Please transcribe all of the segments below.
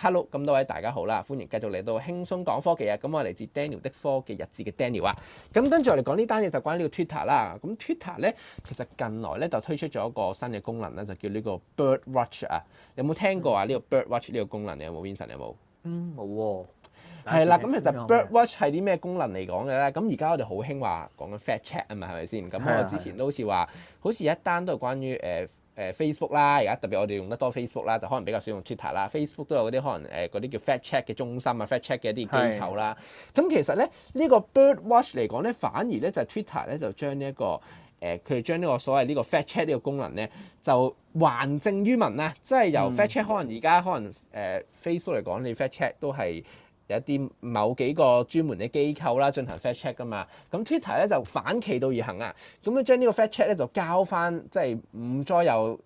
Hello，咁多位大家好啦，歡迎繼續嚟到輕鬆講科技啊！咁我嚟自 Daniel 的科技日誌嘅 Daniel 啊，咁跟住我哋講呢單嘢就關於呢個 Twitter 啦。咁 Twitter 咧，其實近來咧就推出咗一個新嘅功能咧，就叫呢個 Birdwatch 啊。你有冇聽過啊？呢個 Birdwatch 呢個功能你有冇 Vincent 有冇？嗯，冇喎、哦，係啦的，咁是其實 Birdwatch 係啲咩功能嚟講嘅咧？咁而家我哋好興話講緊 Fact Check 啊，咪係咪先？咁我之前都好似話，好似一單都係關於誒誒 Facebook 啦，而家特別我哋用得多 Facebook 啦，就可能比較少用 Twitter 啦。Facebook 都有嗰啲可能誒嗰啲叫 Fact Check 嘅中心啊 Fact Check 嘅一啲機構啦。咁的其實咧，這個、呢個 Birdwatch 嚟講咧，反而咧就係 Twitter 咧就將呢一個。誒佢哋將呢個所謂呢個 fact check 呢個功能咧，就還政於民啦。即係由 fact check 可能而家可能誒 Facebook 嚟講，你 fact check 都係有一啲某幾個專門嘅機構啦進行 fact check 噶嘛，咁 Twitter 咧就反其道而行啊，咁樣將呢個 fact check 咧就交翻即係唔再有。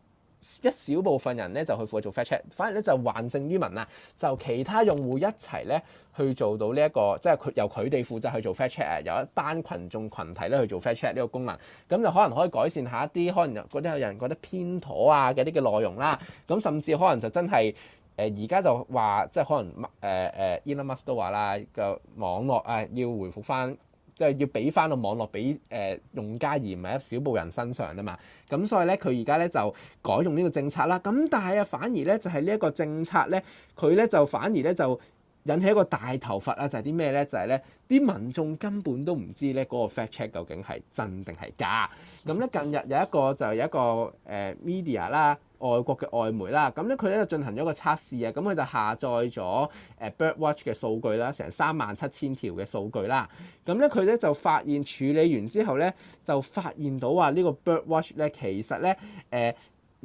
一小部分人咧就去負責做 fact check，反而咧就還政於民啦。就其他用戶一齊咧去做到呢、這、一個，即係佢由佢哋負責去做 fact check，有一班群眾群體咧去做 fact check 呢個功能，咁就可能可以改善一下一啲可能有嗰啲人覺得偏妥啊嘅啲嘅內容啦。咁甚至可能就真係誒而家就話即係可能誒誒、呃呃，Elon Musk 都話啦，這個網絡啊、呃、要回覆翻。就係要俾翻個網絡俾誒、呃、用家而唔係一小部分人身上啊嘛，咁所以咧佢而家咧就改用呢個政策啦，咁但係啊反而咧就係呢一個政策咧，佢咧就反而咧就引起一個大頭佛啊，就係啲咩咧？就係咧啲民眾根本都唔知咧嗰個 fact check 究竟係真定係假，咁咧近日有一個就有一個誒、呃、media 啦。外國嘅外媒啦，咁咧佢咧就進行咗一個測試啊，咁佢就下載咗誒 Birdwatch 嘅數據啦，成三萬七千條嘅數據啦，咁咧佢咧就發現處理完之後咧，就發現到話呢個 Birdwatch 咧其實咧誒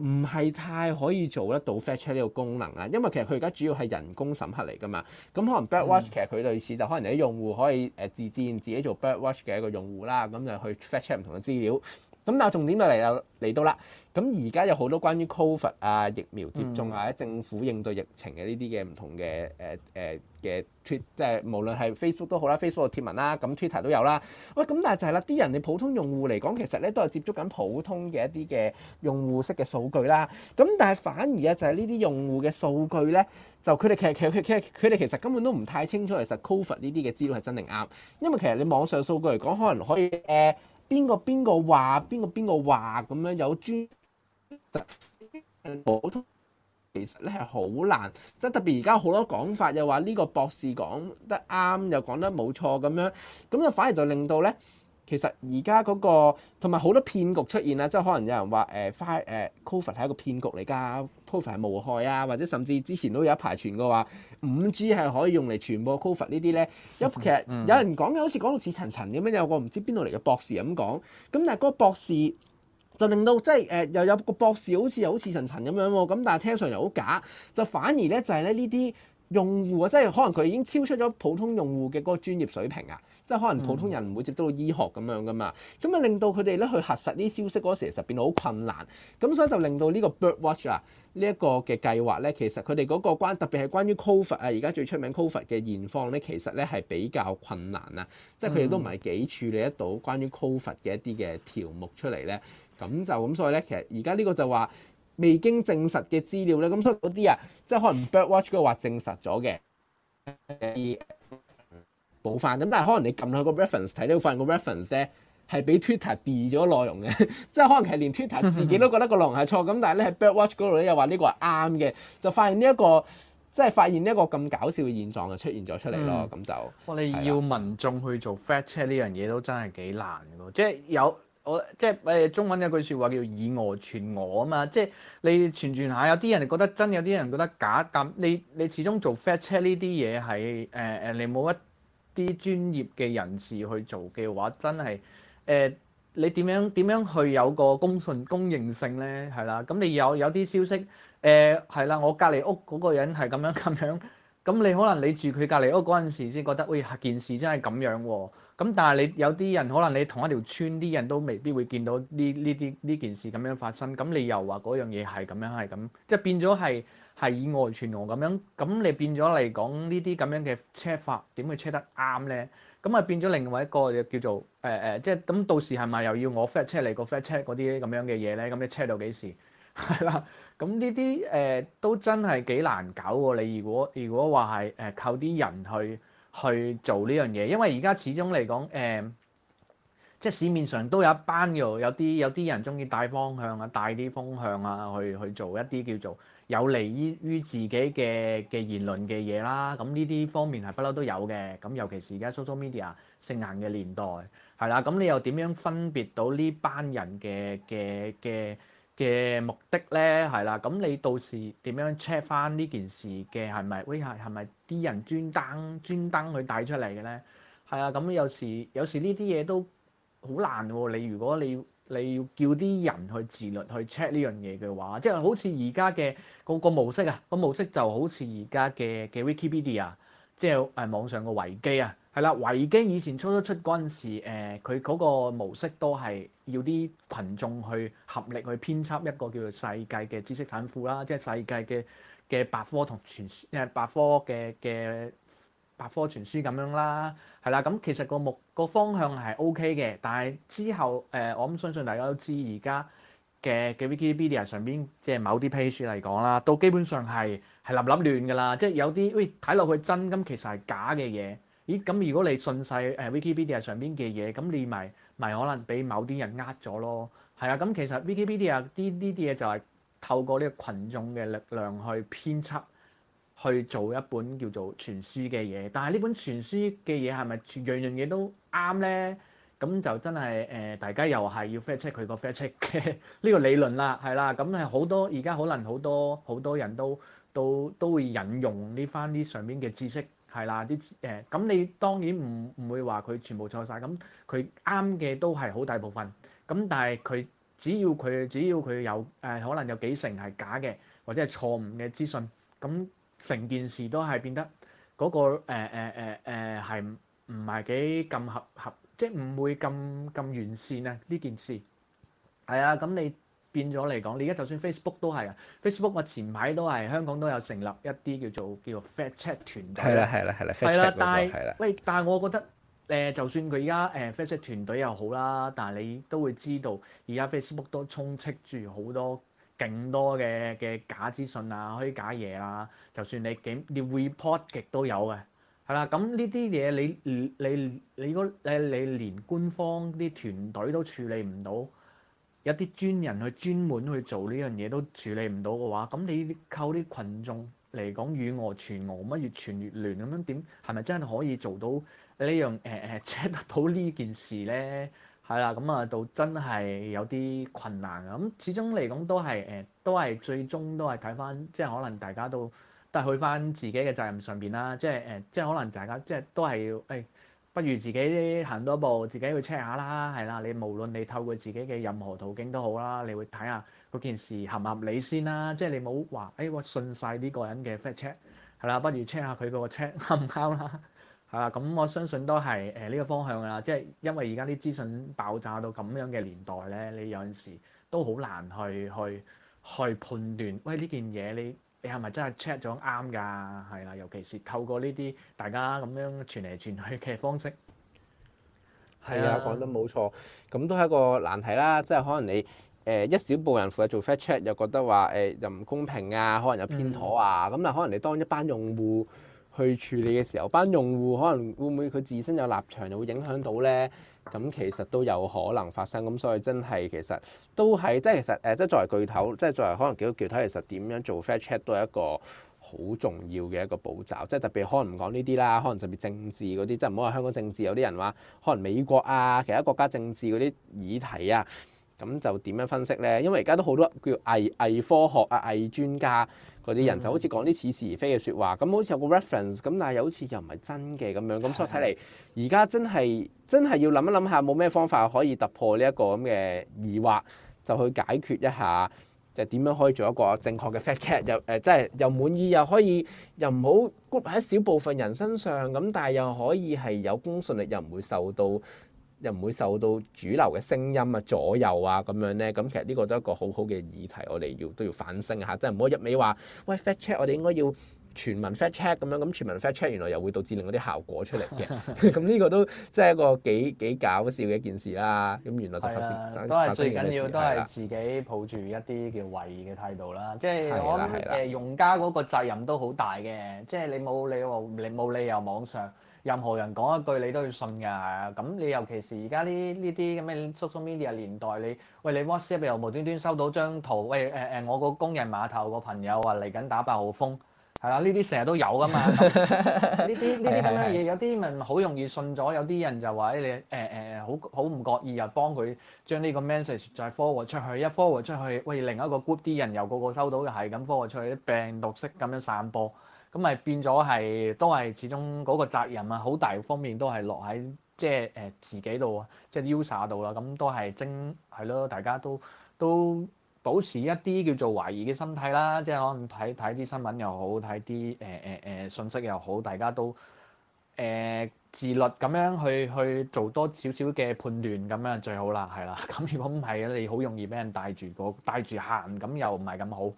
唔係太可以做得到 fact check 呢個功能啦，因為其實佢而家主要係人工審核嚟㗎嘛，咁可能 Birdwatch 其實佢類似、嗯、就可能有啲用戶可以誒自建自己做 Birdwatch 嘅一個用戶啦，咁就去 fact check 唔同嘅資料。咁但係重點就嚟啦，嚟到啦。咁而家有好多關於 COVID 啊、疫苗接種啊、嗯、或者政府應對疫情嘅呢啲嘅唔同嘅誒誒嘅 tweet，即係無論係 Facebook 都好啦，Facebook 嘅貼文啦，咁 Twitter 都有啦。喂，咁但係就係啦，啲人哋普通用戶嚟講，其實咧都係接觸緊普通嘅一啲嘅用戶式嘅數據啦。咁但係反而咧就係呢啲用戶嘅數據咧，就佢哋其實其實其實佢哋其實根本都唔太清楚其實 COVID 呢啲嘅資料係真定啱，因為其實你網上數據嚟講，可能可以誒。呃邊個邊個話？邊個邊個話咁樣有專？普通其實咧係好難，即係特別而家好多講法又話呢個博士講得啱，又講得冇錯咁樣，咁就反而就令到咧，其實而家嗰個同埋好多騙局出現啦，即係可能有人話誒花誒 COVID 係一個騙局嚟㗎。COVID 係無害啊，或者甚至之前都有一排傳過話五 G 係可以用嚟傳播 COVID 呢啲咧。有其實有人講嘅好似講到似層層咁樣，有個唔知邊度嚟嘅博士咁講。咁但係嗰個博士就令到即係誒又有個博士好似好似層層咁樣喎。咁但係聽上又好假，就反而咧就係咧呢啲。用戶啊，即係可能佢已經超出咗普通用戶嘅嗰個專業水平啊，即係可能普通人唔會接到醫學咁樣噶嘛，咁啊、嗯、令到佢哋咧去核實啲消息嗰時，其實變到好困難。咁所以就令到呢個 Birdwatch 啊，這個、呢一個嘅計劃咧，其實佢哋嗰個關特別係關於 Covid 啊，而家最出名 Covid 嘅現況咧，其實咧係比較困難啊。嗯、即係佢哋都唔係幾處理得到關於 Covid 嘅一啲嘅條目出嚟咧，咁就咁所以咧，其實而家呢個就話。未經證實嘅資料咧，咁所以嗰啲啊，即係可能 Birdwatch 嗰個話證實咗嘅，補翻。咁但係可能你撳去個 reference 睇咧，發現個 reference 咧係俾 Twitter delete 咗內容嘅， 即係可能其實連 Twitter 自己都覺得個內容係錯。咁、嗯嗯、但係咧喺 Birdwatch 嗰度咧又話呢個係啱嘅，就發現呢、這、一個即係、就是、發現呢一個咁搞笑嘅現狀就出現咗出嚟咯。咁、嗯、就，你要民眾去做 fact check 呢樣嘢都真係幾難嘅咯，即係有。我即係誒中文有句説話叫以我傳我啊嘛，即係你傳傳下，有啲人覺得真，有啲人覺得假。咁你你始終做 fetch 車呢啲嘢係誒誒，你冇一啲專業嘅人士去做嘅話，真係誒、呃、你點樣點樣去有個公信公認性咧？係啦，咁你有有啲消息誒係、呃、啦，我隔離屋嗰個人係咁樣咁樣。咁你可能你住佢隔離屋嗰陣時先覺得，喂，件事真係咁樣喎、哦。咁但係你有啲人可能你同一條村啲人都未必會見到呢呢啲呢件事咁樣發生。咁你又話嗰樣嘢係咁樣係咁，即係變咗係係以外傳我咁樣。咁你變咗嚟講呢啲咁樣嘅車法點會車得啱咧？咁啊變咗另外一個叫做誒誒、呃呃，即係咁到時係咪又要我 flat 車嚟個 flat 車嗰啲咁樣嘅嘢咧？咁你車到幾時？係啦，咁呢啲誒都真係幾難搞喎！你如果如果話係誒靠啲人去去做呢樣嘢，因為而家始終嚟講誒，即係市面上都有一班嘅，有啲有啲人中意帶方向啊、帶啲風向啊去去做一啲叫做有利於於自己嘅嘅言論嘅嘢啦。咁呢啲方面係不嬲都有嘅。咁尤其是而家 social media 盛行嘅年代，係啦，咁你又點樣分別到呢班人嘅嘅嘅？嘅目的咧係啦，咁你到時點樣 check 返呢件事嘅係咪？喂呀，係咪啲人專登專登去帶出嚟嘅咧？係啊，咁有時有時呢啲嘢都好難喎。你如果你要你要叫啲人去自律去 check 呢樣嘢嘅話，即係好似而家嘅嗰個模式啊，個模式就好似而家嘅嘅 Wikipedia，即係誒網上個維基啊。係啦，維基以前初初出嗰陣時，佢、呃、嗰個模式都係要啲群眾去合力去編輯一個叫做世界嘅知識產庫啦，即係世界嘅嘅百科同全誒百科嘅嘅百科全書咁樣啦。係啦，咁、嗯、其實、個目、個方向係 O K 嘅，但係之後誒、呃，我咁相信大家都知而家嘅嘅 Wikipedia 上邊即係某啲 page 嚟講啦，都基本上係係立立亂㗎啦，即係有啲喂睇落去真，咁其實係假嘅嘢。咦，咁如果你信晒誒 Wikipedia 上邊嘅嘢，咁你咪咪可能俾某啲人呃咗咯？係啦，咁其實 Wikipedia 啲呢啲嘢就係透過呢個群眾嘅力量去編輯，去做一本叫做傳書嘅嘢。但係呢本傳書嘅嘢係咪樣樣嘢都啱咧？咁就真係誒、呃，大家又係要 fact check 佢個 fact check 嘅呢個理論啦，係啦，咁係好多而家可能好多好多人都都都會引用呢翻呢上邊嘅知識。係啦，啲誒咁你當然唔唔會話佢全部錯晒，咁佢啱嘅都係好大部分，咁但係佢只要佢只要佢有誒、呃、可能有幾成係假嘅，或者係錯誤嘅資訊，咁成件事都係變得嗰個誒誒誒誒係唔係幾咁合合，即係唔會咁咁完善啊呢件事，係啊，咁你。變咗嚟講，你而家就算 Facebook 都係啊，Facebook 我前排都係香港都有成立一啲叫做叫做 fact check 團隊。係啦，係啦，係啦。係啦，但係喂，的但係我覺得誒、呃，就算佢而家誒 fact check 團隊又好啦，但係你都會知道，而家 Facebook 都充斥住好多勁多嘅嘅假資訊啊，嗰啲假嘢啦、啊。就算你幾你 report 極都有嘅，係啦。咁呢啲嘢你你你你嗰你，你，你，你連官方啲團隊都處理唔到。一啲專人去專門去做呢樣嘢都處理唔到嘅話，咁你靠啲群眾嚟講，以訛傳訛，乜越傳越亂咁樣，點係咪真係可以做到呢樣？誒誒，check 到呢件事咧，係啦，咁啊，就真係有啲困難啊！咁始終嚟講都係誒，都係最終都係睇翻，即係可能大家都都係去翻自己嘅責任上邊啦，即係誒，即係可能大家即係都係要誒。哎不如自己行多一步，自己去 check 下啦，係啦，你無論你透過自己嘅任何途徑都好啦，你會睇下嗰件事合唔合理先啦，即係你冇話，誒、哎、我信晒呢個人嘅 fact check，係啦，不如 check 下佢個 check 啱唔啱啦，係啦，咁我相信都係誒呢個方向啦，即係因為而家啲資訊爆炸到咁樣嘅年代咧，你有陣時都好難去去去判斷，喂呢件嘢你。你係咪真係 check 咗啱㗎？係啦，尤其是透過呢啲大家咁樣傳嚟傳去嘅方式，係啊的，講的得冇錯。咁都係一個難題啦。即係可能你誒、呃、一小部分人負責做 fact check 又覺得話誒、呃、又唔公平啊，可能又偏妥啊。咁但、嗯、可能你當一班用戶。去處理嘅時候，班用戶可能會唔會佢自身有立場，又會影響到呢？咁其實都有可能發生。咁所以真係其實都係，即係其實誒，即係作為巨頭，即係作為可能幾個巨頭，其實點樣做 fact check 都係一個好重要嘅一個步驟。即係特別可能唔講呢啲啦，可能特別政治嗰啲，即係唔好話香港政治，有啲人話可能美國啊，其他國家政治嗰啲議題啊。咁就點樣分析呢？因為而家都好多叫偽偽科學啊、偽專家嗰啲人，就好似講啲似是而非嘅説話。咁、嗯、好似有個 reference，咁但係又好似又唔係真嘅咁樣。咁所以睇嚟，而家的真係真係要諗一諗下，冇咩方法可以突破呢一個咁嘅疑惑，就去解決一下，就點、是、樣可以做一個正確嘅 fact check？又即係、呃就是、又滿意，又可以又唔好 group 喺少部分人身上，咁但係又可以係有公信力，又唔會受到。又唔會受到主流嘅聲音啊左右啊咁樣咧，咁其實呢個都係一個好好嘅議題，我哋要都要反省下。真係唔好一味話，喂 fact check，我哋應該要全民 fact check 咁樣，咁全民 fact check 原來又會導致另外啲效果出嚟嘅，咁 呢、嗯呢個都即係一個幾幾搞笑嘅一件事啦。咁原來就發生，係啦、啊，最緊要都係自己抱住一啲叫懷疑嘅態度啦。即係我諗誒用家嗰個責任都好大嘅，即、就、係、是、你冇你你冇理由網上。任何人講一句你都要信㗎，咁你尤其是而家呢呢啲咁嘅 social media 年代，你喂你 WhatsApp 又無端端收到張圖，喂誒誒、呃、我個工人碼頭個朋友話嚟緊打八號風，係啦、啊，呢啲成日都有㗎嘛，呢啲呢啲咁嘅嘢，有啲咪好容易信咗，有啲人就話你誒誒好好唔覺意又幫佢將呢個 message 再 forward 出去，一 forward 出去，喂另一個 group 啲人又個個收到又係咁 forward 出去，病毒式咁樣散播。咁咪變咗係，都係始終嗰個責任啊，好大方面都係落喺即係誒、呃、自己度，啊，即係 user 度啦。咁都係精係咯，大家都都保持一啲叫做懷疑嘅心態啦。即係可能睇睇啲新聞又好，睇啲誒誒誒信息又好，大家都誒、呃、自律咁樣去去做多少少嘅判斷咁樣最好啦。係啦，咁如果唔係，你好容易俾人帶住個帶住行，咁又唔係咁好。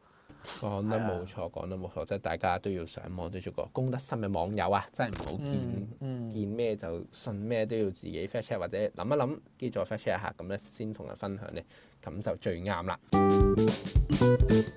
講得冇錯，講得冇錯，即係大家都要上網都要做個公德心嘅網友啊！真係唔好見、嗯嗯、見咩就信咩，都要自己 fact check 或者諗一諗，跟住再 fact check 一下，咁咧先同佢分享咧，咁就最啱啦。嗯嗯。